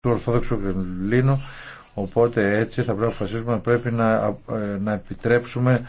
του Ορθόδοξου Κρεμλίνου οπότε έτσι θα πρέπει να πρέπει να, ε, να επιτρέψουμε